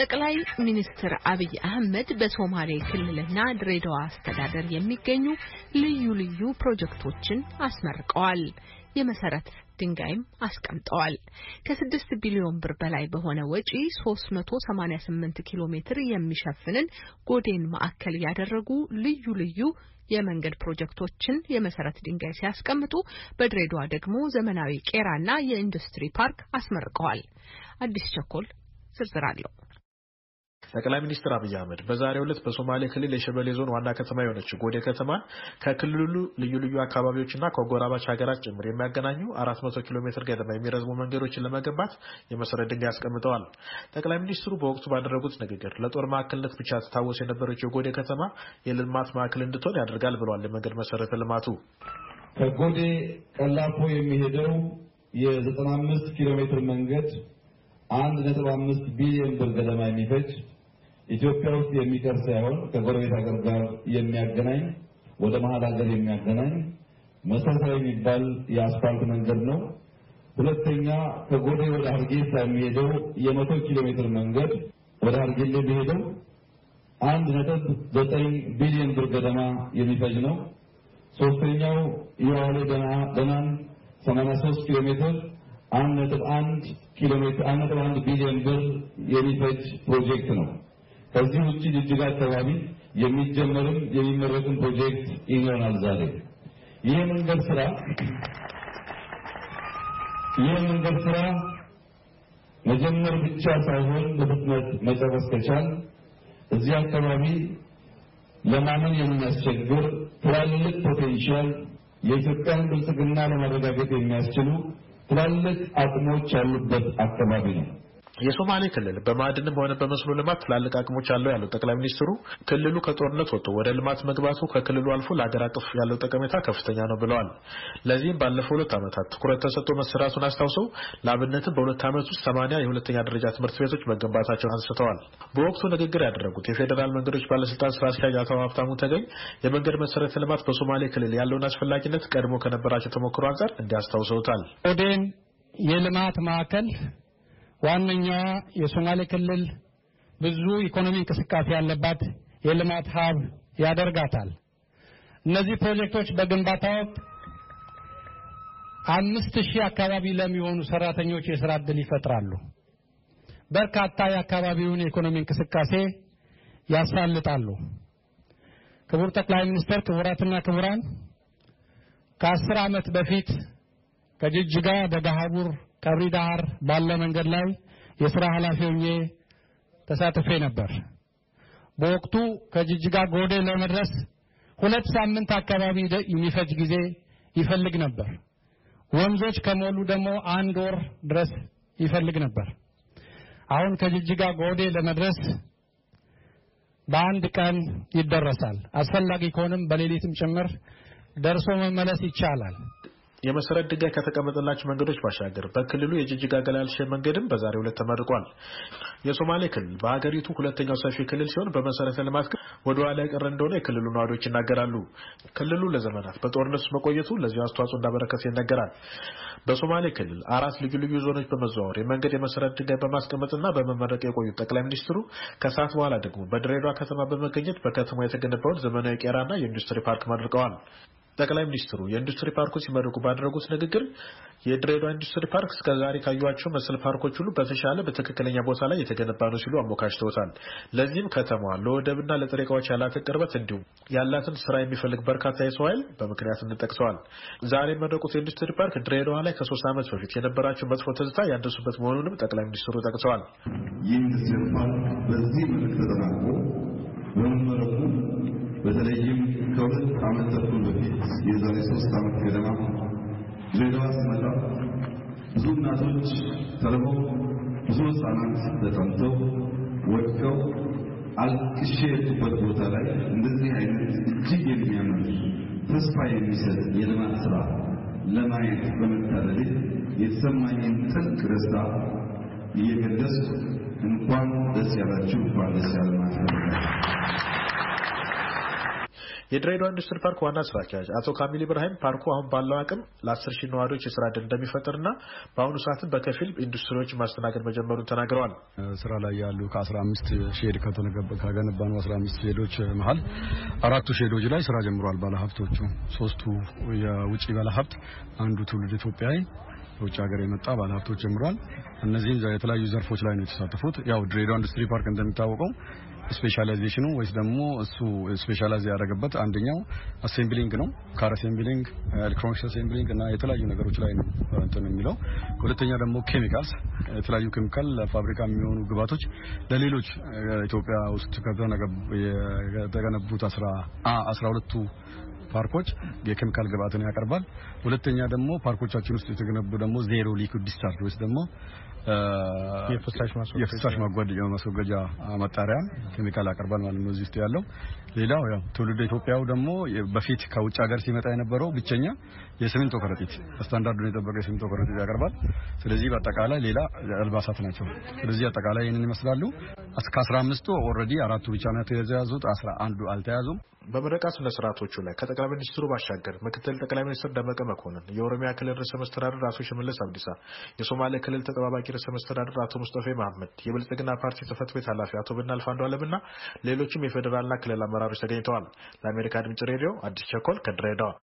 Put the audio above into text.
ጠቅላይ ሚኒስትር አብይ አህመድ በሶማሌ ክልልና ድሬዳዋ አስተዳደር የሚገኙ ልዩ ልዩ ፕሮጀክቶችን አስመርቀዋል። የመሰረት ድንጋይም አስቀምጠዋል። ከስድስት ቢሊዮን ብር በላይ በሆነ ወጪ 388 ኪሎ ሜትር የሚሸፍንን ጎዴን ማዕከል ያደረጉ ልዩ ልዩ የመንገድ ፕሮጀክቶችን የመሰረት ድንጋይ ሲያስቀምጡ በድሬዳዋ ደግሞ ዘመናዊ ቄራና የኢንዱስትሪ ፓርክ አስመርቀዋል። አዲስ ቸኮል ዝርዝር አለው። ጠቅላይ ሚኒስትር አብይ አህመድ በዛሬው ዕለት በሶማሌ ክልል የሸበሌ ዞን ዋና ከተማ የሆነች ጎዴ ከተማ ከክልሉ ልዩ ልዩ አካባቢዎችና ከጎራባች ሀገራት ጭምር የሚያገናኙ መቶ ኪሎ ሜትር ገደማ የሚረዝሙ መንገዶችን ለመገንባት የመሰረት ድንጋይ አስቀምጠዋል። ጠቅላይ ሚኒስትሩ በወቅቱ ባደረጉት ንግግር ለጦር ማዕከልነት ብቻ ትታወስ የነበረች የጎዴ ከተማ የልማት ማዕከል እንድትሆን ያደርጋል ብለዋል። የመንገድ መሰረተ ልማቱ ከጎዴ ቀላፎ የሚሄደው የ95 ኪሎ ሜትር መንገድ 1.5 ቢሊዮን ብር ገደማ የሚፈጅ ኢትዮጵያ ውስጥ የሚቀር ሳይሆን ከጎረቤት ሀገር ጋር የሚያገናኝ ወደ መሀል ሀገር የሚያገናኝ መሰረታዊ የሚባል የአስፋልት መንገድ ነው። ሁለተኛ ከጎዴ ወደ ሀርጌሳ የሚሄደው የመቶ ኪሎ ሜትር መንገድ ወደ ሀርጌሌ የሚሄደው አንድ ነጥብ ዘጠኝ ቢሊዮን ብር ገደማ የሚፈጅ ነው። ሶስተኛው የዋሌ ደናን 83 ኪሎ ሜትር አንድ ነጥብ አንድ ኪሎ ሜትር አንድ ነጥብ አንድ ቢሊዮን ብር የሚፈጅ ፕሮጀክት ነው። ከዚህ ውጭ ጅጅጋ አካባቢ የሚጀመርም የሚመረቅም ፕሮጀክት ይሆናል። ዛሬ ይህ መንገድ ስራ ይህ መንገድ ስራ መጀመር ብቻ ሳይሆን በፍጥነት መጨረስ ከቻል እዚህ አካባቢ ለማመን የሚያስቸግር ትላልቅ ፖቴንሻል የኢትዮጵያን ብልጽግና ለማረጋገጥ የሚያስችሉ ትላልቅ አቅሞች ያሉበት አካባቢ ነው። የሶማሌ ክልል በማዕድንም ሆነ በመስኖ ልማት ትላልቅ አቅሞች አለው ያለው ጠቅላይ ሚኒስትሩ ክልሉ ከጦርነት ወጥቶ ወደ ልማት መግባቱ ከክልሉ አልፎ ለሀገር አቀፍ ያለው ጠቀሜታ ከፍተኛ ነው ብለዋል። ለዚህም ባለፈው ሁለት ዓመታት ትኩረት ተሰጥቶ መሰራቱን አስታውሰው ለአብነትም በሁለት ዓመት ውስጥ ሰማንያ የሁለተኛ ደረጃ ትምህርት ቤቶች መገንባታቸውን አንስተዋል። በወቅቱ ንግግር ያደረጉት የፌዴራል መንገዶች ባለስልጣን ስራ አስኪያጅ አቶ ሀብታሙ ተገኝ የመንገድ መሰረተ ልማት በሶማሌ ክልል ያለውን አስፈላጊነት ቀድሞ ከነበራቸው ተሞክሮ አንጻር እንዲያስታውሰውታል። ኦዴን የልማት ማዕከል ዋነኛዋ የሶማሌ ክልል ብዙ ኢኮኖሚ እንቅስቃሴ ያለባት የልማት ሀብ ያደርጋታል። እነዚህ ፕሮጀክቶች በግንባታ ወቅት አምስት ሺህ አካባቢ ለሚሆኑ ሰራተኞች የስራ ዕድል ይፈጥራሉ። በርካታ የአካባቢውን የኢኮኖሚ እንቅስቃሴ ያሳልጣሉ። ክቡር ጠቅላይ ሚኒስትር፣ ክቡራትና ክቡራን ከአስር ዓመት በፊት ከጅጅጋ ደጋሃቡር ቀብሪ ዳር ባለ መንገድ ላይ የሥራ ኃላፊ ሆኜ ተሳትፌ ነበር። በወቅቱ ከጅጅጋ ጎዴ ለመድረስ ሁለት ሳምንት አካባቢ የሚፈጅ ጊዜ ይፈልግ ነበር። ወንዞች ከሞሉ ደግሞ አንድ ወር ድረስ ይፈልግ ነበር። አሁን ከጅጅጋ ጎዴ ለመድረስ በአንድ ቀን ይደረሳል። አስፈላጊ ከሆነም በሌሊትም ጭምር ደርሶ መመለስ ይቻላል። የመሰረት ድንጋይ ከተቀመጠላቸው መንገዶች ባሻገር በክልሉ የጅጅጋ ገላልሸ መንገድም በዛሬው ዕለት ተመርቋል። የሶማሌ ክልል በሀገሪቱ ሁለተኛው ሰፊ ክልል ሲሆን በመሰረተ ልማት ወደ ኋላ የቀረ እንደሆነ የክልሉ ነዋሪዎች ይናገራሉ። ክልሉ ለዘመናት በጦርነት ውስጥ መቆየቱ ለዚሁ አስተዋጽኦ እንዳበረከተ ይነገራል። በሶማሌ ክልል አራት ልዩ ልዩ ዞኖች በመዘዋወር የመንገድ የመሰረት ድንጋይ በማስቀመጥና በመመረቅ የቆዩት ጠቅላይ ሚኒስትሩ ከሰዓት በኋላ ደግሞ በድሬዳዋ ከተማ በመገኘት በከተማ የተገነባውን ዘመናዊ ቄራና የኢንዱስትሪ ፓርክ መርቀዋል። ጠቅላይ ሚኒስትሩ የኢንዱስትሪ ፓርኩ ሲመርቁ ባደረጉት ንግግር የድሬዳዋ ኢንዱስትሪ ፓርክ ዛሬ ካዩቸው መሰል ፓርኮች ሁሉ በተሻለ በትክክለኛ ቦታ ላይ የተገነባ ነው ሲሉ አሞካሽተውታል። ለዚህም ከተማዋ ለወደብና ለጥሬ እቃዎች ያላትን ቅርበት እንዲሁም ያላትን ስራ የሚፈልግ በርካታ የሰው ኃይል በምክንያትነት ጠቅሰዋል። ዛሬ የመረቁት የኢንዱስትሪ ፓርክ ድሬዳዋ ላይ ከሶስት ዓመት በፊት የነበራቸው መጥፎ ትዝታ ያደሱበት መሆኑንም ጠቅላይ ሚኒስትሩ ጠቅሰዋል። ይህ ኢንዱስትሪ ፓርክ በዚህ መልክ ተጠናቆ በመመረቁ በተለይም ከሁለት ዓመት ተኩል በፊት የዛሬ ሶስት ዓመት ገደማ ድሬዳዋ ስመጣ ብዙ እናቶች ተርበው ብዙ ህፃናት ተጠምተው ወድቀው አልቅሼ የሄድኩበት ቦታ ላይ እንደዚህ አይነት እጅግ የሚያምር ተስፋ የሚሰጥ የልማት ስራ ለማየት በመታደሌ የተሰማኝን ጥልቅ ደስታ እየገለጽኩ እንኳን ደስ ያላችሁ፣ እንኳን ደስ ያለ ማለት የድሬዳዋ ኢንዱስትሪ ፓርክ ዋና ስራ አስኪያጅ አቶ ካሚል ኢብራሂም ፓርኩ አሁን ባለው አቅም ለአስር ሺህ ነዋሪዎች የስራ ዕድል እንደሚፈጥርና በአሁኑ ሰዓትም በከፊል ኢንዱስትሪዎች ማስተናገድ መጀመሩን ተናግረዋል። ስራ ላይ ያሉ ከአስራ አምስት ሼድ ካገነባኑ አስራ አምስት ሼዶች መሀል አራቱ ሼዶች ላይ ስራ ጀምሯል ባለሀብቶቹ ሶስቱ የውጭ ባለሀብት አንዱ ትውልድ ኢትዮጵያዊ ከውጭ ሀገር የመጣ ባለሀብቶች ጀምሯል። እነዚህም የተለያዩ ዘርፎች ላይ ነው የተሳተፉት። ያው ድሬዳዋ ኢንዱስትሪ ፓርክ እንደሚታወቀው ስፔሻላይዜሽኑ ወይስ ደግሞ እሱ ስፔሻላይዝ ያደረገበት አንደኛው አሴምብሊንግ ነው። ካር አሴምብሊንግ፣ ኤሌክትሮኒክስ አሴምብሊንግ እና የተለያዩ ነገሮች ላይ ነው እንትን የሚለው። ሁለተኛ ደግሞ ኬሚካልስ፣ የተለያዩ ኬሚካል ለፋብሪካ የሚሆኑ ግባቶች ለሌሎች ኢትዮጵያ ውስጥ ከተገነቡት አስራ ሁለቱ ፓርኮች የኬሚካል ግብአትን ያቀርባል። ሁለተኛ ደግሞ ፓርኮቻችን ውስጥ የተገነቡ ደግሞ ዜሮ ሊኩድ ዲስቻርጅ ወይስ ደግሞ የፍሳሽ ማስወገጃ መጣሪያ ኬሚካል ያቀርባል ማለት ነው እዚህ ውስጥ ያለው። ሌላው ያው ትውልድ ኢትዮጵያው ደግሞ በፊት ከውጭ ሀገር ሲመጣ የነበረው ብቸኛ የሲሚንቶ ከረጢት ስታንዳርዱን የጠበቀ የሲሚንቶ ከረጢት ያቀርባል። ስለዚህ በአጠቃላይ ሌላ አልባሳት ናቸው። ስለዚህ አጠቃላይ ይህንን ይመስላሉ። እስከ አስራ አምስቱ ኦልሬዲ አራቱ ብቻ ነው የተያዙት፣ አስራ አንዱ አልተያዙም። በምረቃ ስነ ስርዓቶቹ ላይ ከጠቅላይ ሚኒስትሩ ባሻገር ምክትል ጠቅላይ ሚኒስትር ደመቀ መኮንን፣ የኦሮሚያ ክልል ርዕሰ መስተዳድር አቶ ሽመለስ አብዲሳ፣ የሶማሌ ክልል ተጠባባቂ ርዕሰ መስተዳድር አቶ ሙስጠፌ መሐመድ፣ የብልጽግና ፓርቲ ጽህፈት ቤት ኃላፊ አቶ ብናልፍ አለም እና ሌሎችም የፌዴራልና ክልል አመራሮች ተገኝተዋል። ለአሜሪካ ድምጽ ሬዲዮ አዲስ ቸኮል ከድሬዳዋ